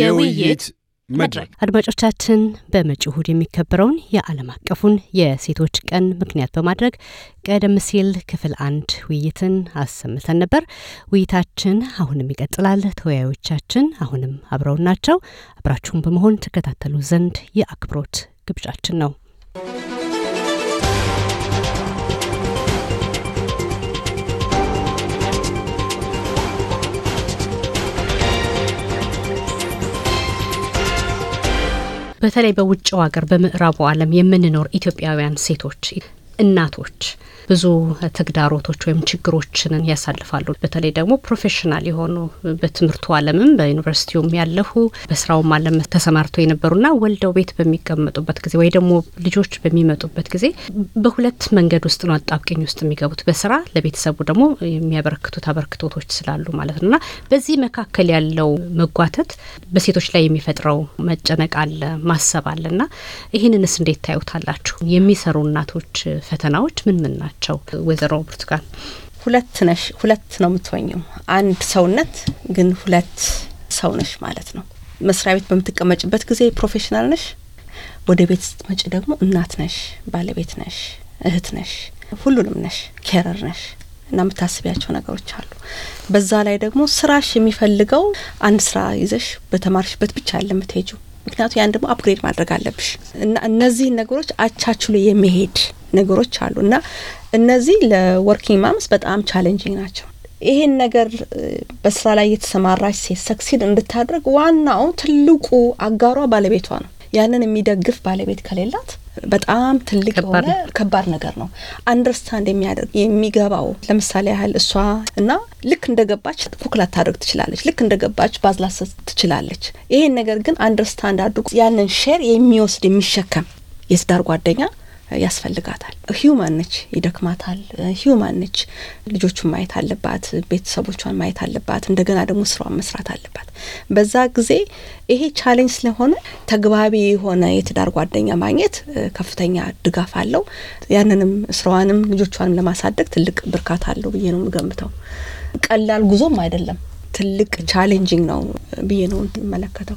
የውይይት መድረክ አድማጮቻችን በመጪው እሁድ የሚከበረውን የዓለም አቀፉን የሴቶች ቀን ምክንያት በማድረግ ቀደም ሲል ክፍል አንድ ውይይትን አሰምተን ነበር። ውይይታችን አሁንም ይቀጥላል። ተወያዮቻችን አሁንም አብረውን ናቸው። አብራችሁን በመሆን ትከታተሉ ዘንድ የአክብሮት ግብዣችን ነው። በተለይ በውጭው ሀገር በምዕራቡ ዓለም የምንኖር ኢትዮጵያውያን ሴቶች እናቶች ብዙ ተግዳሮቶች ወይም ችግሮችን ያሳልፋሉ። በተለይ ደግሞ ፕሮፌሽናል የሆኑ በትምህርቱ ዓለምም በዩኒቨርሲቲውም ያለፉ በስራውም ዓለም ተሰማርተው የነበሩና ወልደው ቤት በሚቀመጡበት ጊዜ ወይ ደግሞ ልጆች በሚመጡበት ጊዜ በሁለት መንገድ ውስጥ ነው አጣብቂኝ ውስጥ የሚገቡት በስራ ለቤተሰቡ ደግሞ የሚያበረክቱት አበርክቶቶች ስላሉ ማለት ነውና በዚህ መካከል ያለው መጓተት በሴቶች ላይ የሚፈጥረው መጨነቅ አለ፣ ማሰብ ና ይህንንስ እንዴት ታዩታላችሁ? የሚሰሩ እናቶች ፈተናዎች ምን ምን ናቸው? ወይዘሮ ብርቱካን ሁለት ነሽ፣ ሁለት ነው የምትሆኝው። አንድ ሰውነት ግን ሁለት ሰው ነሽ ማለት ነው። መስሪያ ቤት በምትቀመጭበት ጊዜ ፕሮፌሽናል ነሽ፣ ወደ ቤት ስትመጪ ደግሞ እናት ነሽ፣ ባለቤት ነሽ፣ እህት ነሽ፣ ሁሉንም ነሽ፣ ኬረር ነሽ እና የምታስቢያቸው ነገሮች አሉ። በዛ ላይ ደግሞ ስራሽ የሚፈልገው አንድ ስራ ይዘሽ በተማርሽበት ብቻ ያለ የምትሄጂው ምክንያቱ ያን ደግሞ አፕግሬድ ማድረግ አለብሽ እና እነዚህን ነገሮች አቻችሎ የመሄድ ነገሮች አሉ እና እነዚህ ለወርኪንግ ማምስ በጣም ቻሌንጂንግ ናቸው። ይሄን ነገር በስራ ላይ የተሰማራች ሴት ሰክሲድ እንድታደርግ ዋናው ትልቁ አጋሯ ባለቤቷ ነው። ያንን የሚደግፍ ባለቤት ከሌላት በጣም ትልቅ የሆነ ከባድ ነገር ነው። አንደርስታንድ የሚያደርግ የሚገባው ለምሳሌ ያህል እሷ እና ልክ እንደገባች ኩክ ላታደርግ ትችላለች። ልክ እንደገባች ባዝላሰት ትችላለች። ይሄን ነገር ግን አንደርስታንድ አድርጎ ያንን ሼር የሚወስድ የሚሸከም የትዳር ጓደኛ ያስፈልጋታል። ሂውማን ነች፣ ይደክማታል። ሂውማን ነች። ልጆቹን ማየት አለባት፣ ቤተሰቦቿን ማየት አለባት። እንደገና ደግሞ ስራዋን መስራት አለባት። በዛ ጊዜ ይሄ ቻሌንጅ ስለሆነ ተግባቢ የሆነ የትዳር ጓደኛ ማግኘት ከፍተኛ ድጋፍ አለው። ያንንም ስራዋንም ልጆቿንም ለማሳደግ ትልቅ ብርካታ አለው ብዬ ነው የምገምተው። ቀላል ጉዞም አይደለም። ትልቅ ቻሌንጂንግ ነው ብዬ ነው የምመለከተው።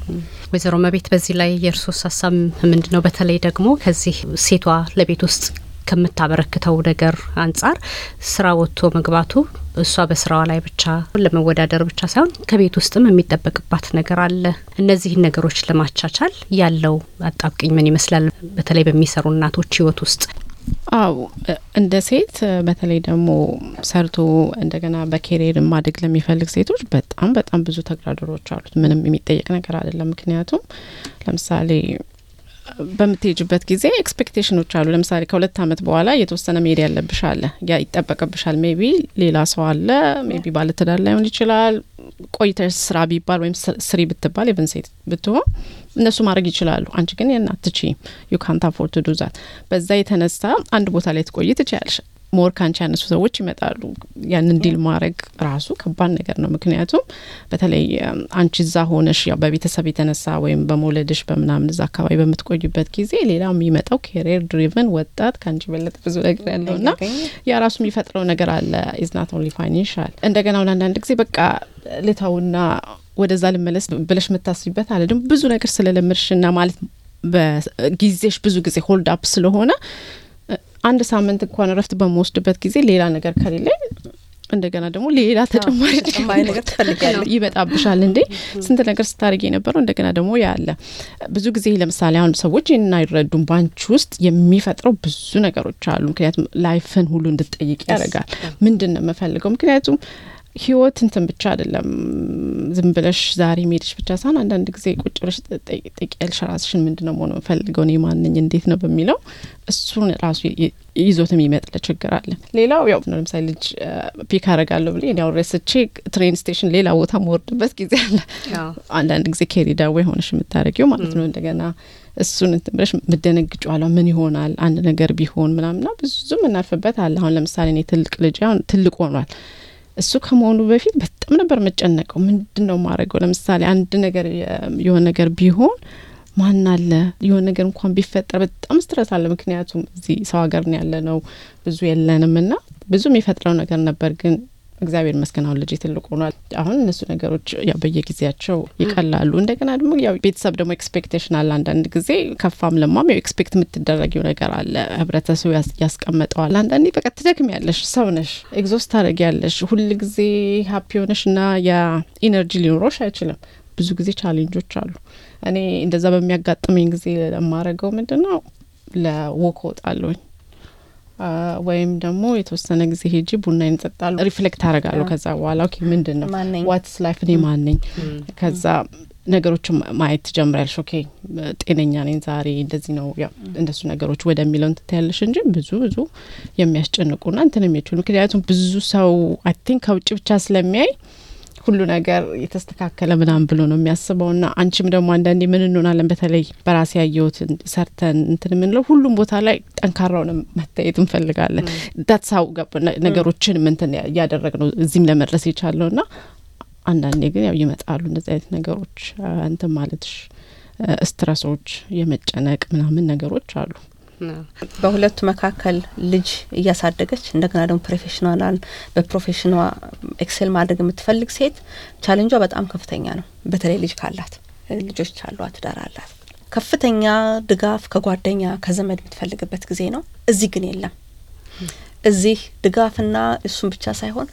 ወይዘሮ መቤት በዚህ ላይ የእርሶስ ሀሳብ ምንድን ነው? በተለይ ደግሞ ከዚህ ሴቷ ለቤት ውስጥ ከምታበረክተው ነገር አንጻር ስራ ወጥቶ መግባቱ እሷ በስራዋ ላይ ብቻ ለመወዳደር ብቻ ሳይሆን ከቤት ውስጥም የሚጠበቅባት ነገር አለ። እነዚህን ነገሮች ለማቻቻል ያለው አጣብቅኝ ምን ይመስላል? በተለይ በሚሰሩ እናቶች ህይወት ውስጥ አው እንደ ሴት በተለይ ደግሞ ሰርቶ እንደገና በኬሪየር ማደግ ለሚፈልግ ሴቶች በጣም በጣም ብዙ ተግዳሮቶች አሉት። ምንም የሚጠየቅ ነገር አይደለም። ምክንያቱም ለምሳሌ በምትሄጅበት ጊዜ ኤክስፔክቴሽኖች አሉ። ለምሳሌ ከሁለት ዓመት በኋላ የተወሰነ መሄድ ያለብሽ አለ፣ ያ ይጠበቅብሻል። ሜቢ ሌላ ሰው አለ፣ ሜቢ ባለትዳር ላይሆን ይችላል፣ ቆይተሽ ስራ ቢባል ወይም ስሪ ብትባል የብን ሴት ብትሆን እነሱ ማድረግ ይችላሉ። አንቺ ግን የናትቺ አትችይም። ዩ ካንት አፎርድ ቱ ዱ ዛት። በዛ የተነሳ አንድ ቦታ ላይ ትቆይ ትችያለሽ። ሞር ካንቺ ያነሱ ሰዎች ይመጣሉ። ያንን ዲል ማድረግ ራሱ ከባድ ነገር ነው። ምክንያቱም በተለይ አንቺ እዛ ሆነሽ ያው በቤተሰብ የተነሳ ወይም በመውለድሽ በምናምን እዛ አካባቢ በምትቆዩበት ጊዜ ሌላ የሚመጣው ኬሪር ድሪቨን ወጣት ከአንቺ በለጥ ብዙ ነገር ያለው ና ያ ራሱ የሚፈጥረው ነገር አለ። ኢዝናት ኦንሊ ፋይናንሻል እንደገና ሁን አንዳንድ ጊዜ በቃ ልተውና ወደዛ ልመለስ ብለሽ የምታስቢበት አለ። ደግሞ ብዙ ነገር ስለለምድሽና ማለት በጊዜሽ ብዙ ጊዜ ሆልድ አፕ ስለሆነ አንድ ሳምንት እንኳን እረፍት በምወስድበት ጊዜ ሌላ ነገር ከሌለኝ እንደገና ደግሞ ሌላ ተጨማሪ ነገር ትፈልጊያለሽ። ይበጣብሻል እንዴ ስንት ነገር ስታደርጊ የነበረው እንደገና ደግሞ ያለ ብዙ ጊዜ ለምሳሌ አሁን ሰዎች ይህንን አይረዱም። ባንች ውስጥ የሚፈጥረው ብዙ ነገሮች አሉ። ምክንያቱም ላይፍን ሁሉ እንድትጠይቅ ያደርጋል። ምንድን ነው የምፈልገው? ምክንያቱም ህይወት እንትን ብቻ አይደለም። ዝም ብለሽ ዛሬ ሜድሽ ብቻ ሳይሆን አንዳንድ ጊዜ ቁጭ ብለሽ ጠቂያልሽ ራስሽን ምንድን ነው መሆን ፈልገው ነው የማንኝ እንዴት ነው በሚለው እሱን ራሱ ይዞት የሚመጥለ ችግር አለ። ሌላው ያው ለምሳሌ ልጅ ፒክ አረጋለሁ ብ ያው ረስቼ ትሬን ስቴሽን ሌላ ቦታ መወርድበት ጊዜ አለ። አንዳንድ ጊዜ ኬሪዳ ወይ ሆነሽ የምታደረጊው ማለት ነው። እንደገና እሱን እንትን ብለሽ ምደነግጭ ኋላ ምን ይሆናል አንድ ነገር ቢሆን ምናምና ብዙ ምናልፍበት አለ። አሁን ለምሳሌ እኔ ትልቅ ልጅ አሁን ትልቅ ሆኗል እሱ ከመሆኑ በፊት በጣም ነበር መጨነቀው። ምንድን ነው ማድረገው? ለምሳሌ አንድ ነገር የሆነ ነገር ቢሆን ማን አለ? የሆነ ነገር እንኳን ቢፈጠር በጣም ስትረስ አለ። ምክንያቱም እዚህ ሰው ሀገር ያለ ነው ብዙ የለንም እና ብዙ የሚፈጥረው ነገር ነበር ግን እግዚአብሔር ይመስገን አሁን ልጄ ትልቅ ሆኗል። አሁን እነሱ ነገሮች ያው በየጊዜያቸው ይቀላሉ። እንደገና ደግሞ ያው ቤተሰብ ደግሞ ኤክስፔክቴሽን አለ። አንዳንድ ጊዜ ከፋም ለማም ያው ኤክስፔክት የምትደረጊው ነገር አለ። ህብረተሰቡ ያስቀመጠዋል። አንዳንድ በቃ ትደክም ያለሽ ሰው ነሽ፣ ኤግዞስት ታደረግ ያለሽ ሁል ጊዜ ሀፒ ሆነሽ እና የኢነርጂ ሊኖሮሽ አይችልም። ብዙ ጊዜ ቻሌንጆች አሉ። እኔ እንደዛ በሚያጋጥመኝ ጊዜ ለማድረገው ምንድን ነው ለወክ ወጣለሁኝ ወይም ደግሞ የተወሰነ ጊዜ ሄጂ ቡና ይንጠጣሉ። ሪፍሌክት አረጋሉ ከዛ በኋላ ኦኬ ምንድን ነው ዋትስ ላይፍ እኔ ማነኝ? ከዛ ነገሮችን ማየት ትጀምሪያለሽ። ኦኬ ጤነኛ ነኝ ዛሬ እንደዚህ ነው ያው እንደሱ ነገሮች ወደሚለው እንትን ያለሽ እንጂ ብዙ ብዙ የሚያስጨንቁና እንትን የሚችሉ ምክንያቱም ብዙ ሰው አይ ቲንክ ከውጭ ብቻ ስለሚያይ ሁሉ ነገር የተስተካከለ ምናምን ብሎ ነው የሚያስበው። ና አንቺም ደግሞ አንዳንዴ ምን እንሆናለን በተለይ በራሴ ያየሁትን ሰርተን እንትን የምንለው ሁሉም ቦታ ላይ ጠንካራውን መታየት እንፈልጋለን። ዳትሳው ነገሮችን ምንትን እያደረግ ነው እዚህም ለመድረስ የቻለው ና አንዳንዴ ግን ያው ይመጣሉ እንደዚህ አይነት ነገሮች እንትን ማለትሽ ስትረሶች የመጨነቅ ምናምን ነገሮች አሉ። በሁለቱ መካከል ልጅ እያሳደገች እንደገና ደግሞ ፕሮፌሽናል በፕሮፌሽኗ ኤክሴል ማድረግ የምትፈልግ ሴት ቻለንጇ በጣም ከፍተኛ ነው። በተለይ ልጅ ካላት ልጆች አሏት፣ ትዳር አላት፣ ከፍተኛ ድጋፍ ከጓደኛ ከዘመድ የምትፈልግበት ጊዜ ነው። እዚህ ግን የለም። እዚህ ድጋፍና እሱን ብቻ ሳይሆን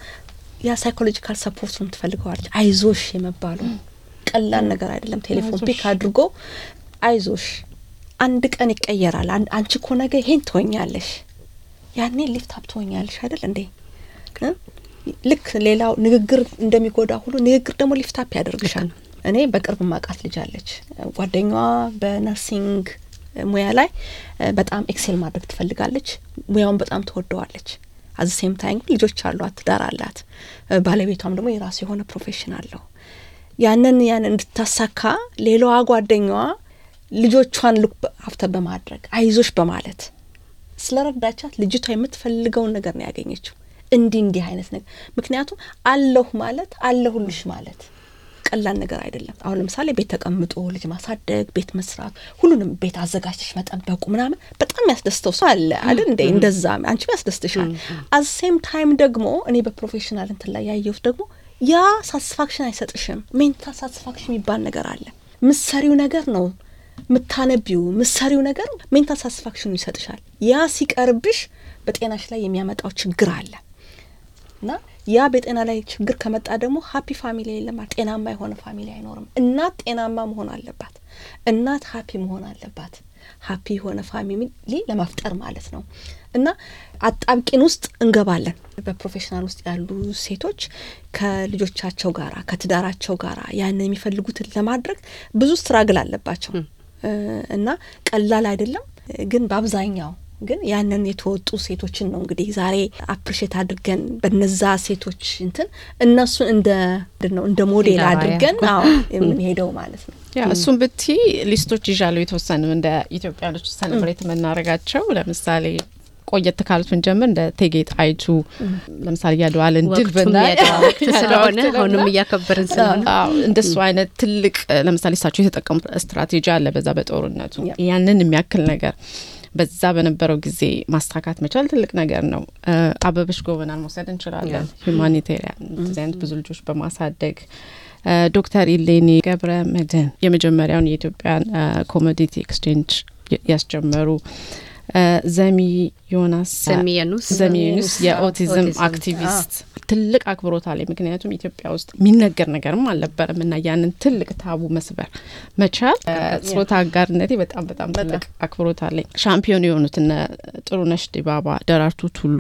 ያ ሳይኮሎጂካል ሰፖርት የምትፈልገዋለች። አይዞሽ የመባሉ ቀላል ነገር አይደለም። ቴሌፎን ፒክ አድርጎ አይዞሽ አንድ ቀን ይቀየራል። አንቺ እኮ ነገ ይሄን ትሆኛለሽ፣ ያኔ ሊፍት አፕ ትሆኛለሽ አይደል እንዴ? ልክ ሌላው ንግግር እንደሚጎዳ ሁሉ ንግግር ደግሞ ሊፍት አፕ ያደርግሻል። እኔ በቅርብ ማቃት ልጅ አለች፣ ጓደኛዋ በነርሲንግ ሙያ ላይ በጣም ኤክሴል ማድረግ ትፈልጋለች። ሙያውን በጣም ትወደዋለች። አዚ ሴም ታይም ልጆች አሏት፣ ትዳር አላት። ባለቤቷም ደግሞ የራሱ የሆነ ፕሮፌሽን አለው። ያንን ያን እንድታሳካ ሌላዋ ጓደኛዋ ልጆቿን ልክ ሀፍተ በማድረግ አይዞሽ በማለት ስለረዳቻት ልጅቷ የምትፈልገውን ነገር ነው ያገኘችው። እንዲህ እንዲህ አይነት ነገር ምክንያቱም አለሁ ማለት አለሁልሽ ማለት ቀላል ነገር አይደለም። አሁን ለምሳሌ ቤት ተቀምጦ ልጅ ማሳደግ፣ ቤት መስራት፣ ሁሉንም ቤት አዘጋጅተሽ መጠበቁ ምናምን በጣም ያስደስተው ሰው አለ አይደል እንደ እንደዛ አንቺም ያስደስትሻል። አት ሴም ታይም ደግሞ እኔ በፕሮፌሽናል እንትን ላይ ያየሁት ደግሞ ያ ሳትስፋክሽን አይሰጥሽም። ሜንታል ሳትስፋክሽን የሚባል ነገር አለ። ምሰሪው ነገር ነው ምታነቢው ምሰሪው ነገር ሜንታል ሳስፋክሽኑ ይሰጥሻል። ያ ሲቀርብሽ በጤናሽ ላይ የሚያመጣው ችግር አለ እና ያ በጤና ላይ ችግር ከመጣ ደግሞ ሀፒ ፋሚሊ የለም፣ ጤናማ የሆነ ፋሚሊ አይኖርም። እናት ጤናማ መሆን አለባት። እናት ሀፒ መሆን አለባት። ሀፒ የሆነ ፋሚሊ ለመፍጠር ማለት ነው። እና አጣብቂን ውስጥ እንገባለን። በፕሮፌሽናል ውስጥ ያሉ ሴቶች ከልጆቻቸው ጋራ ከትዳራቸው ጋራ ያንን የሚፈልጉትን ለማድረግ ብዙ ስትራግል አለባቸው። እና ቀላል አይደለም። ግን በአብዛኛው ግን ያንን የተወጡ ሴቶችን ነው እንግዲህ ዛሬ አፕሪሼት አድርገን በነዛ ሴቶች እንትን እነሱን እንደ ነው እንደ ሞዴል አድርገን አዎ የምንሄደው ማለት ነው። ያ እሱም ብቲ ሊስቶች ይዣለሁ የተወሰኑ እንደ ኢትዮጵያኖች ሰለብሬት የምናደርጋቸው ለምሳሌ ቆየት ካሉት ብንጀምር እንደ እቴጌ ጣይቱ ለምሳሌ ያድዋል እንድል ብናይ አሁንም እያከበርን ስለሆነ እንደሱ አይነት ትልቅ ለምሳሌ እሳቸው የተጠቀሙት ስትራቴጂ አለ በዛ በጦርነቱ ያንን የሚያክል ነገር በዛ በነበረው ጊዜ ማስታካት መቻል ትልቅ ነገር ነው። አበበሽ ጎበናን መውሰድ እንችላለን። ሁማኒቴሪያን ብዙ ልጆች በማሳደግ ዶክተር ኢሌኒ ገብረ መድህን የመጀመሪያውን የኢትዮጵያን ኮሞዲቲ ኤክስቼንጅ ያስጀመሩ ዘሚ ዮናስ ዘሚ የኦቲዝም አክቲቪስት ትልቅ አክብሮት አለ። ምክንያቱም ኢትዮጵያ ውስጥ የሚነገር ነገርም አልነበረም እና ያንን ትልቅ ታቡ መስበር መቻል ጾታ አጋርነቴ በጣም በጣም ትልቅ አክብሮት አለ። ሻምፒዮን የሆኑት እነ ጥሩነሽ ዲባባ፣ ደራርቱ ቱሉ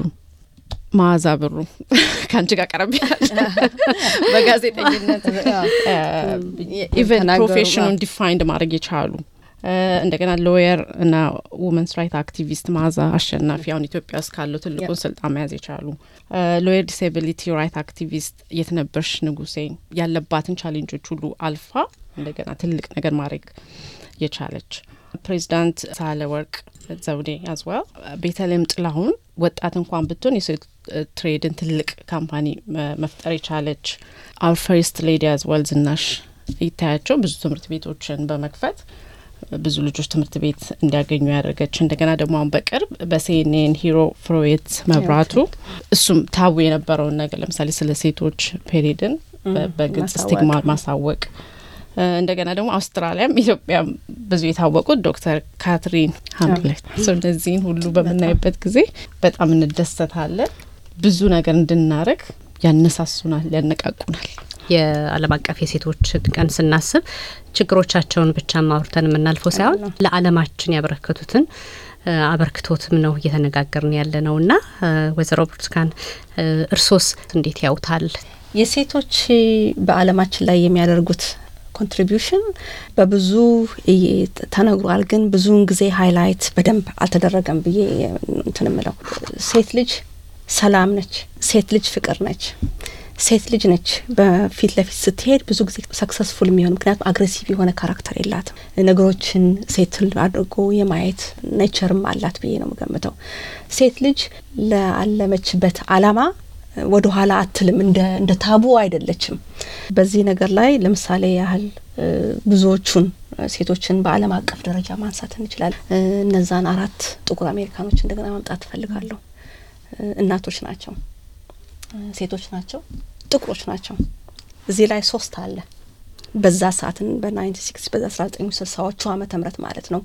መዓዛ ብሩ ከአንቺ ጋር ቀረብ ያለ በጋዜጠኝነት ኢቨን ፕሮፌሽኑን ዲፋይንድ ማድረግ የቻሉ እንደገና ሎየር እና ውመንስ ራይት አክቲቪስት ማዛ አሸናፊ አሁን ኢትዮጵያ ውስጥ ካለው ትልቁን ስልጣን መያዝ የቻሉ ሎየር፣ ዲስብሊቲ ራይት አክቲቪስት የትነበርሽ ንጉሴ ያለባትን ቻሌንጆች ሁሉ አልፋ እንደገና ትልቅ ነገር ማድረግ የቻለች ፕሬዚዳንት ሳለ ወርቅ ዘውዴ አዝዋ፣ ቤተልሔም ጥላሁን ወጣት እንኳን ብትሆን የሴት ትሬድን ትልቅ ካምፓኒ መፍጠር የቻለች አር ፈርስት ሌዲ አዝዋል ዝናሽ ይታያቸው ብዙ ትምህርት ቤቶችን በመክፈት ብዙ ልጆች ትምህርት ቤት እንዲያገኙ ያደረገች እንደገና ደግሞ አሁን በቅርብ በሲኤንኤን ሂሮ ፍሮዌት መብራቱ እሱም ታቡ የነበረውን ነገር ለምሳሌ ስለ ሴቶች ፔሪድን በግልጽ ስቲግማ ማሳወቅ እንደገና ደግሞ አውስትራሊያም ኢትዮጵያም ብዙ የታወቁት ዶክተር ካትሪን ሀምሌት እነዚህን ሁሉ በምናይበት ጊዜ በጣም እንደሰታለን። ብዙ ነገር እንድናረግ ያነሳሱናል፣ ያነቃቁናል። የዓለም አቀፍ የሴቶች ቀን ስናስብ ችግሮቻቸውን ብቻ አውርተን የምናልፈው ሳይሆን ለዓለማችን ያበረከቱትን አበርክቶትም ነው እየተነጋገርን ያለ ነው እና ወይዘሮ ብርቱካን እርሶስ እንዴት ያውታል? የሴቶች በዓለማችን ላይ የሚያደርጉት ኮንትሪቢሽን በብዙ ተነግሯል፣ ግን ብዙውን ጊዜ ሀይላይት በደንብ አልተደረገም ብዬ እንትን ምለው ሴት ልጅ ሰላም ነች። ሴት ልጅ ፍቅር ነች። ሴት ልጅ ነች። በፊት ለፊት ስትሄድ ብዙ ጊዜ ሰክሰስፉል የሚሆን ምክንያቱም አግሬሲቭ የሆነ ካራክተር የላትም። ነገሮችን ሴትል አድርጎ የማየት ኔቸርም አላት ብዬ ነው የምገምተው። ሴት ልጅ ለአለመችበት አላማ ወደ ኋላ አትልም። እንደ ታቡ አይደለችም። በዚህ ነገር ላይ ለምሳሌ ያህል ብዙዎቹን ሴቶችን በአለም አቀፍ ደረጃ ማንሳት እንችላል እነዛን አራት ጥቁር አሜሪካኖች እንደገና ማምጣት ትፈልጋለሁ እናቶች ናቸው። ሴቶች ናቸው፣ ጥቁሮች ናቸው። እዚህ ላይ ሶስት አለ። በዛ ሰዓትን በናይንቲ ሲክስ በዛ አስራ ዘጠኝ አመተ ምህረት ማለት ነው።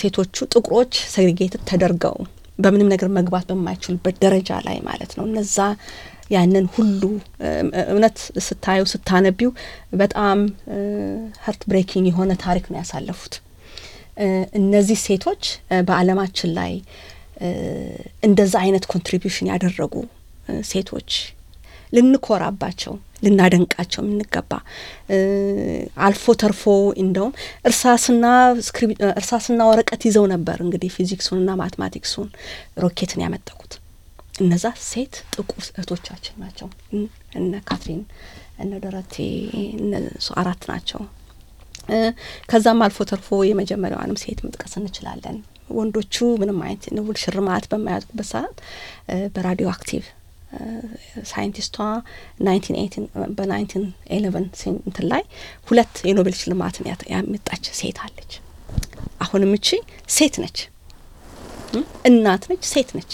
ሴቶቹ ጥቁሮች ሴግሪጌትድ ተደርገው በምንም ነገር መግባት በማይችሉበት ደረጃ ላይ ማለት ነው እነዛ ያንን ሁሉ እውነት ስታዩ ስታነቢው በጣም ሀርት ብሬኪንግ የሆነ ታሪክ ነው ያሳለፉት። እነዚህ ሴቶች በአለማችን ላይ እንደዛ አይነት ኮንትሪቢዩሽን ያደረጉ ሴቶች ልንኮራባቸው ልናደንቃቸው የምንገባ አልፎ ተርፎ እንደውም እርሳስና እርሳስና ወረቀት ይዘው ነበር እንግዲህ ፊዚክሱንና ማትማቲክሱን ሮኬትን ያመጠቁት እነዛ ሴት ጥቁር እህቶቻችን ናቸው። እነ ካትሪን እነ ደረቴ እነሱ አራት ናቸው። ከዛም አልፎ ተርፎ የመጀመሪያዋንም ሴት መጥቀስ እንችላለን። ወንዶቹ ምንም አይነት ንቡል ሽርማት በማያጡበት ሰዓት በራዲዮ አክቲቭ ሳይንቲስቷ በ1911 እንትን ላይ ሁለት የኖቤል ሽልማትን ያመጣች ሴት አለች። አሁንም እቺ ሴት ነች፣ እናት ነች፣ ሴት ነች።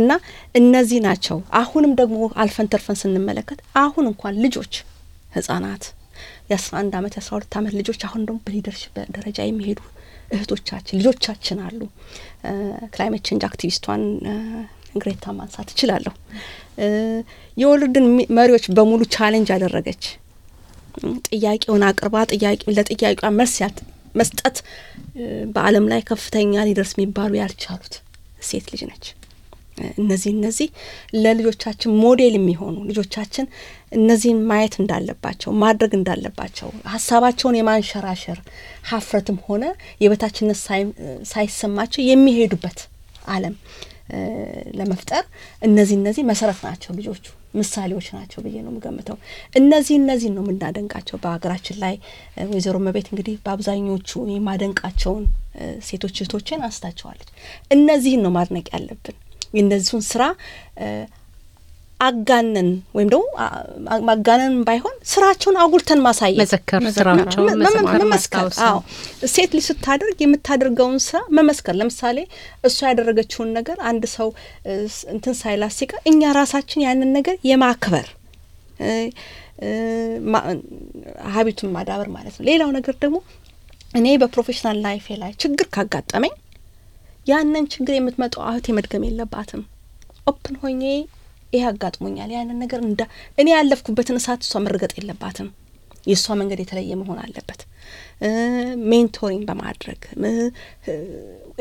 እና እነዚህ ናቸው። አሁንም ደግሞ አልፈን ተርፈን ስንመለከት አሁን እንኳን ልጆች ህጻናት የአስራ አንድ አመት የአስራ ሁለት አመት ልጆች አሁን ደግሞ በሊደርሽፕ ደረጃ የሚሄዱ እህቶቻችን ልጆቻችን አሉ። ክላይሜት ቼንጅ አክቲቪስቷን እንግሬታ ማንሳት እችላለሁ። የወለድን መሪዎች በሙሉ ቻሌንጅ አደረገች። ጥያቄውን አቅርባ ለጥያቄዋ መልስ መስጠት በዓለም ላይ ከፍተኛ ሊደርስ የሚባሉ ያልቻሉት ሴት ልጅ ነች። እነዚህ እነዚህ ለልጆቻችን ሞዴል የሚሆኑ ልጆቻችን እነዚህን ማየት እንዳለባቸው ማድረግ እንዳለባቸው ሀሳባቸውን የማንሸራሸር ሀፍረትም ሆነ የበታችነት ሳይሰማቸው የሚሄዱበት ዓለም ለመፍጠር እነዚህ እነዚህ መሰረት ናቸው፣ ልጆቹ ምሳሌዎች ናቸው ብዬ ነው የምገምተው። እነዚህ እነዚህን ነው የምናደንቃቸው በሀገራችን ላይ። ወይዘሮ መቤት እንግዲህ በአብዛኞቹ የማደንቃቸውን ሴቶች እህቶችን አንስታቸዋለች። እነዚህን ነው ማድነቅ ያለብን የእነዚሁን ስራ አጋነን ወይም ደግሞ ማጋነን ባይሆን ስራቸውን አጉልተን ማሳየት፣ መዘከር፣ ስራቸውን መመስከር። አዎ ሴት ልጅ ስታደርግ የምታደርገውን ስራ መመስከር። ለምሳሌ እሷ ያደረገችውን ነገር አንድ ሰው እንትን ሳይላት ሲቀር እኛ ራሳችን ያንን ነገር የማክበር ሀቢቱን ማዳበር ማለት ነው። ሌላው ነገር ደግሞ እኔ በፕሮፌሽናል ላይፌ ላይ ችግር ካጋጠመኝ ያንን ችግር የምትመጣው እህቴ መድገም የለባትም ኦፕን ሆኜ ይሄ አጋጥሞኛል። ያንን ነገር እንዳ እኔ ያለፍኩበትን እሳት እሷ መርገጥ የለባትም። የእሷ መንገድ የተለየ መሆን አለበት። ሜንቶሪንግ በማድረግ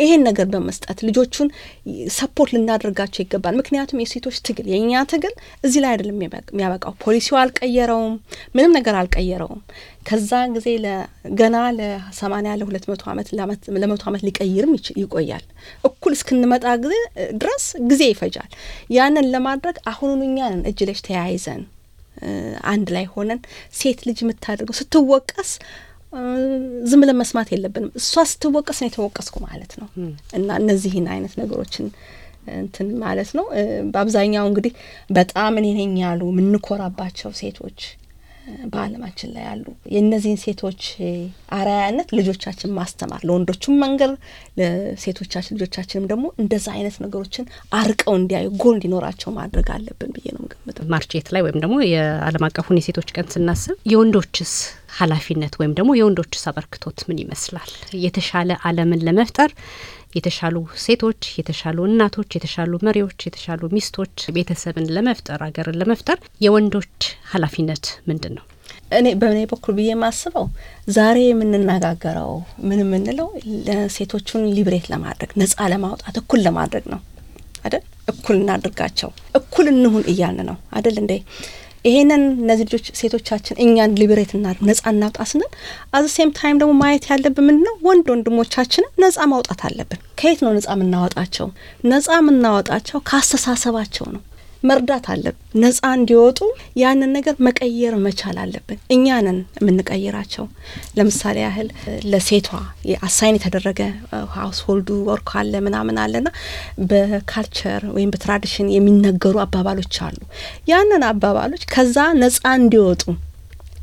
ይሄን ነገር በመስጠት ልጆቹን ሰፖርት ልናደርጋቸው ይገባል። ምክንያቱም የሴቶች ትግል የእኛ ትግል እዚህ ላይ አይደለም የሚያበቃው። ፖሊሲው አልቀየረውም፣ ምንም ነገር አልቀየረውም። ከዛ ጊዜ ገና ለሰማንያ ለሁለት መቶ አመት ለመቶ ዓመት ሊቀይርም ይቆያል። እኩል እስክንመጣ ጊዜ ድረስ ጊዜ ይፈጃል። ያንን ለማድረግ አሁኑን እኛን እጅ ለእጅ ተያይዘን አንድ ላይ ሆነን ሴት ልጅ የምታደርገው ስትወቀስ ዝም ብለን መስማት የለብንም። እሷ ስትወቀስ ነው የተወቀስኩ ማለት ነው። እና እነዚህን አይነት ነገሮችን እንትን ማለት ነው። በአብዛኛው እንግዲህ በጣም እኔ ነኝ ያሉ የምንኮራባቸው ሴቶች በዓለማችን ላይ ያሉ የእነዚህን ሴቶች አርአያነት ልጆቻችን ማስተማር ለወንዶቹም መንገር ለሴቶቻችን ልጆቻችንም ደግሞ እንደዛ አይነት ነገሮችን አርቀው እንዲያዩ ጎል እንዲኖራቸው ማድረግ አለብን ብዬ ነው ማርቼት ላይ ወይም ደግሞ የዓለም አቀፉን የሴቶች ቀን ስናስብ የወንዶችስ ኃላፊነት ወይም ደግሞ የወንዶችስ አበርክቶት ምን ይመስላል? የተሻለ ዓለምን ለመፍጠር የተሻሉ ሴቶች፣ የተሻሉ እናቶች፣ የተሻሉ መሪዎች፣ የተሻሉ ሚስቶች፣ ቤተሰብን ለመፍጠር ሀገርን ለመፍጠር የወንዶች ኃላፊነት ምንድን ነው? እኔ በእኔ በኩል ብዬ የማስበው ዛሬ የምንነጋገረው ምን የምንለው ሴቶቹን ሊብሬት ለማድረግ ነጻ ለማውጣት እኩል ለማድረግ ነው አይደል? እኩል እናድርጋቸው፣ እኩል እንሁን እያልን ነው አደል እንዴ? ይሄንን እነዚህ ልጆች ሴቶቻችን እኛን ሊብሬት እና ነጻ እናውጣ ስንል አዘ ሴም ታይም ደግሞ ማየት ያለብን ምንድን ነው ወንድ ወንድሞቻችንን ነጻ ማውጣት አለብን። ከየት ነው ነጻ የምናወጣቸው? ነጻ የምናወጣቸው ከአስተሳሰባቸው ነው። መርዳት አለብን። ነፃ እንዲወጡ ያንን ነገር መቀየር መቻል አለብን። እኛንን የምንቀይራቸው ለምሳሌ ያህል ለሴቷ አሳይን የተደረገ ሀውስሆልዱ ወርክ አለ ምናምን አለና በካልቸር ወይም በትራዲሽን የሚነገሩ አባባሎች አሉ። ያንን አባባሎች ከዛ ነፃ እንዲወጡ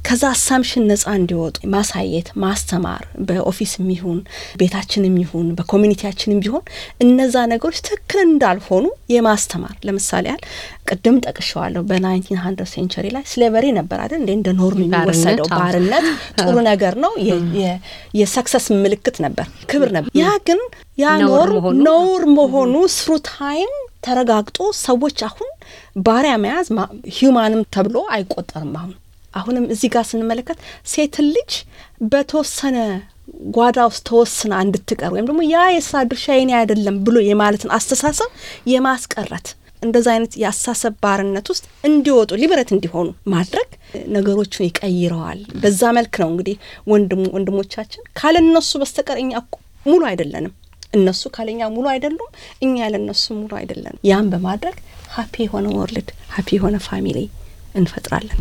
ከዛ አሳምሽን ነጻ እንዲወጡ ማሳየት ማስተማር፣ በኦፊስ የሚሆን ቤታችን የሚሆን በኮሚኒቲያችን ቢሆን እነዛ ነገሮች ትክክል እንዳልሆኑ የማስተማር ለምሳሌ ያህል ቅድም ጠቅሸዋለሁ በናይንቲን ሀንድረድ ሴንቸሪ ላይ ስሌቨሪ ነበር አይደል እንደ ኖርም የሚወሰደው ባርነት ጥሩ ነገር ነው፣ የሰክሰስ ምልክት ነበር፣ ክብር ነበር። ያ ግን ያ ኖር ኖር መሆኑ ስሩ ታይም ተረጋግጦ ሰዎች አሁን ባሪያ መያዝ ሂውማንም ተብሎ አይቆጠርም አሁን አሁንም እዚህ ጋር ስንመለከት ሴትን ልጅ በተወሰነ ጓዳ ውስጥ ተወስና እንድትቀር ወይም ደግሞ ያ የስራ ድርሻ የኔ አይደለም ብሎ የማለትን አስተሳሰብ የማስቀረት እንደዚ አይነት የአስተሳሰብ ባርነት ውስጥ እንዲወጡ ሊበረት እንዲሆኑ ማድረግ ነገሮቹን ይቀይረዋል። በዛ መልክ ነው እንግዲህ ወንድሙ ወንድሞቻችን ካለ እነሱ በስተቀር እኛ ሙሉ አይደለንም። እነሱ ካለኛ ሙሉ አይደሉም፣ እኛ ያለ እነሱ ሙሉ አይደለንም። ያም በማድረግ ሀፒ የሆነ ወርልድ ሀፒ የሆነ ፋሚሊ እንፈጥራለን።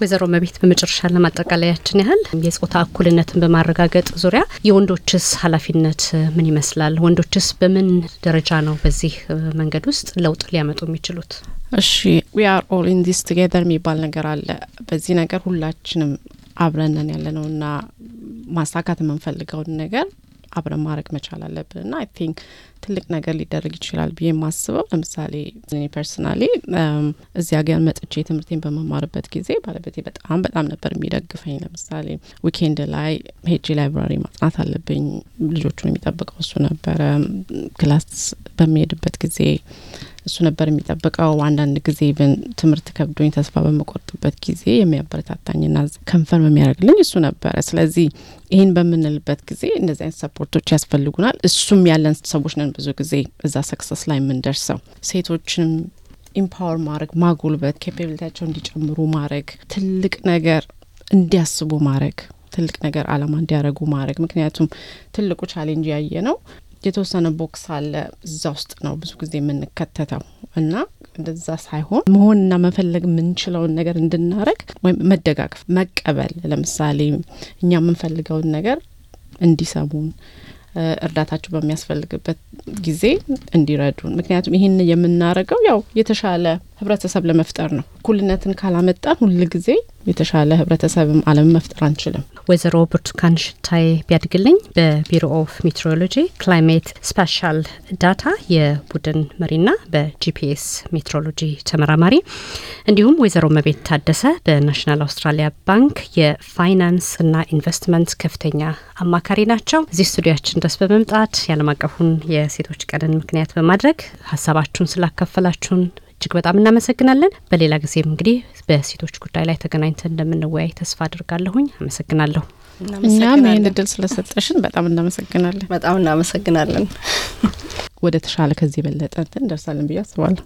ወይዘሮ መቤት በመጨረሻ ለማጠቃለያችን ያህል የጾታ እኩልነትን በማረጋገጥ ዙሪያ የወንዶችስ ኃላፊነት ምን ይመስላል? ወንዶችስ በምን ደረጃ ነው በዚህ መንገድ ውስጥ ለውጥ ሊያመጡ የሚችሉት? እሺ ዊ አር ኦል ኢን ዲስ የሚባል ነገር አለ። በዚህ ነገር ሁላችንም አብረነን ያለ ነውና ማሳካት የምንፈልገውን ነገር አብረን ማድረግ መቻል አለብን እና አይ ቲንክ ትልቅ ነገር ሊደረግ ይችላል ብዬ የማስበው ለምሳሌ እኔ ፐርሰናሊ um, እዚህ ሀገር መጥቼ ትምህርቴን በመማርበት ጊዜ ባለቤቴ በጣም በጣም ነበር የሚደግፈኝ። ለምሳሌ ዊኬንድ ላይ ሄጄ ላይብራሪ ማጥናት አለብኝ፣ ልጆቹን የሚጠብቀው እሱ ነበረ። ክላስ በሚሄድበት ጊዜ እሱ ነበር የሚጠብቀው። አንዳንድ ጊዜ ብን ትምህርት ከብዶኝ ተስፋ በምቆርጥበት ጊዜ የሚያበረታታኝና ከንፈር የሚያደርግልኝ እሱ ነበረ። ስለዚህ ይህን በምንልበት ጊዜ እንደዚህ አይነት ሰፖርቶች ያስፈልጉናል። እሱም ያለን ሰዎች ነን ብዙ ጊዜ እዛ ሰክሰስ ላይ የምንደርሰው ሴቶችንም ኢምፓወር ማድረግ ማጎልበት፣ ኬፓብሊቲያቸው እንዲጨምሩ ማድረግ፣ ትልቅ ነገር እንዲያስቡ ማድረግ፣ ትልቅ ነገር አላማ እንዲያደርጉ ማድረግ። ምክንያቱም ትልቁ ቻሌንጅ ያየ ነው የተወሰነ ቦክስ አለ እዛ ውስጥ ነው ብዙ ጊዜ የምንከተተው እና እንደዛ ሳይሆን መሆንና መፈለግ የምንችለውን ነገር እንድናረግ ወይም መደጋገፍ፣ መቀበል ለምሳሌ እኛ የምንፈልገውን ነገር እንዲሰሙን እርዳታቸው በሚያስፈልግበት ጊዜ እንዲረዱን። ምክንያቱም ይህን የምናረገው ያው የተሻለ ህብረተሰብ ለመፍጠር ነው። እኩልነትን ካላመጣን ጊዜ የተሻለ ህብረተሰብም አለም መፍጠር አንችልም። ወይዘሮ ብርቱካን ሽታይ ቢያድግልኝ በቢሮ ኦፍ ሜትሮሎጂ ክላይሜት ስፓሻል ዳታ የቡድን መሪና በጂፒኤስ ሜትሮሎጂ ተመራማሪ እንዲሁም ወይዘሮ መቤት ታደሰ በናሽናል አውስትራሊያ ባንክ የፋይናንስና ኢንቨስትመንት ከፍተኛ አማካሪ ናቸው። እዚህ ስቱዲያችን ድረስ በመምጣት ያለም አቀፉን የሴቶች ቀንን ምክንያት በማድረግ ሀሳባችሁን ስላካፈላችሁን እጅግ በጣም እናመሰግናለን። በሌላ ጊዜም እንግዲህ በሴቶች ጉዳይ ላይ ተገናኝተን እንደምንወያይ ተስፋ አድርጋለሁኝ። አመሰግናለሁ። እኛም ይህን እድል ስለሰጠሽን በጣም እናመሰግናለን። በጣም እናመሰግናለን። ወደ ተሻለ ከዚህ የበለጠ እንትን ደርሳለን ብዬ አስባለሁ።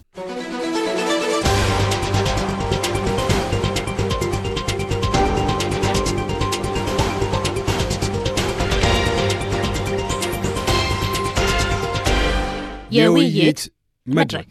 የውይይት መድረክ